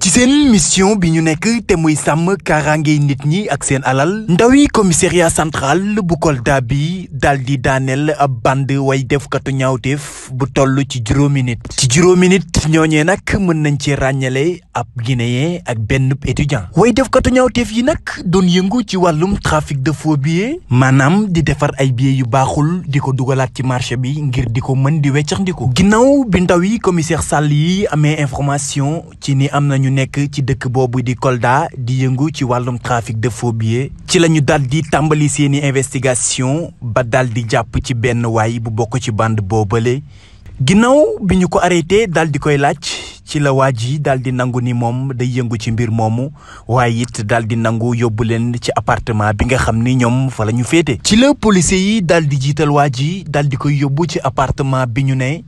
ci seen mission bi ñu nekk te muy sàmm kaaraangey nit ñi ak seen alal ndaw yi commissariat central bu Kolda bi daal di daaneel ab band way defkatu ñawteef bu toll ci juróomi nit ci juróomi nit ñooñee nag mën nañ ci ràññeele ab guinéen ak benn étudiant way defkatu ñaawteef yi nag doon yëngu ci wàllum trafic de faux billets maanaam di defar ay billets yu baaxul di ko dugalaat ci marché bi ngir di ko mën di weccax ginnaaw bi ndaw yi commissaire Sall yi amee information ci ni am na ñu nekk ci dëkk boobu di koldaa di yëngu ci wàllum trafic de faux ci la ñu daal di tàmbali seeni investigation ba daal di jàpp ci benn waay bu bokk ci band boobale ginnaaw bi ñu ko arrêté daal di koy laaj ci la waa yi daal di nangu ni moom day yëngu ci mbir moomu waaye it daal di nangu yóbbu leen ci appartement bi nga xam ni ñoom fa la ñu féete. ci la policiers yi daal di jiital waa ji daal di koy yóbbu ci appartement bi ñu ne.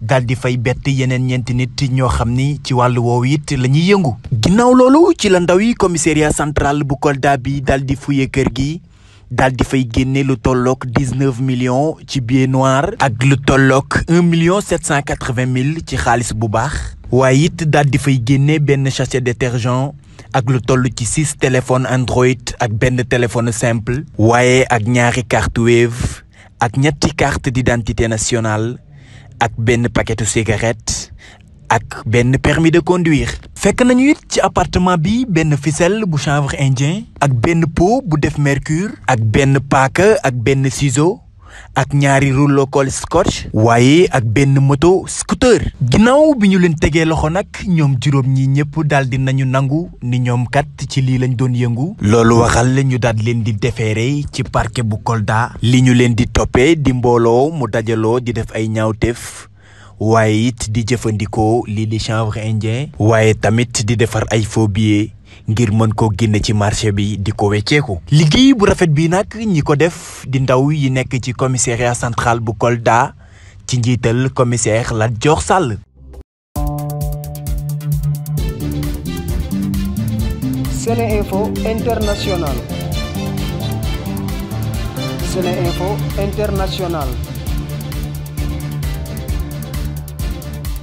daal di fay bett yeneen ñeenti nit ñoo xam ni ci wàllu woowu it la ñuy yëngu. ginnaaw loolu ci la ndaw yi commissariat central bu Kolda bi daal di fuye kër gi. daal di fay génne lu tolloog dix neuf millions ci billet noir ak lu tolloog un million sept cent quatre vingt mille ci xaalis bu baax. waaye it daal di fay génne benn sachet détergent ak lu toll ci six téléphones Android ak benn téléphone simple. waaye ak ñaari carte Wave ak ñetti carte d'identité nationale. ak benn paquetu cigarette ak benn permis de conduire. fekk nañu it ci appartement bi benn ficelle bu chanvre indien. ak benn pot bu def mercure. ak benn paaka ak benn ciseau. ak ñaari rouleau col scotch waaye ak benn moto scooter ginnaaw bi ñu leen tegee loxo nag ñoom juróom ñi ñëpp daal di nañu nangu ni ñoom kat ci lii lañ doon yëngu loolu waxal la ñu daal leen di defeere ci parke bu Kolda li ñu leen di toppe di mbooloo mu dajaloo di def ay ñaawteef waaye it di jëfandikoo lii di chanvre indien waaye tamit di defar ay faux billets ngir mën koo génne ci marché bi di ko wecceeku liggéey bu rafet bi nag ñi ko def di ndaw yi nekk ci commissariat central bu Kolda ci njiital commissaire la jox Sall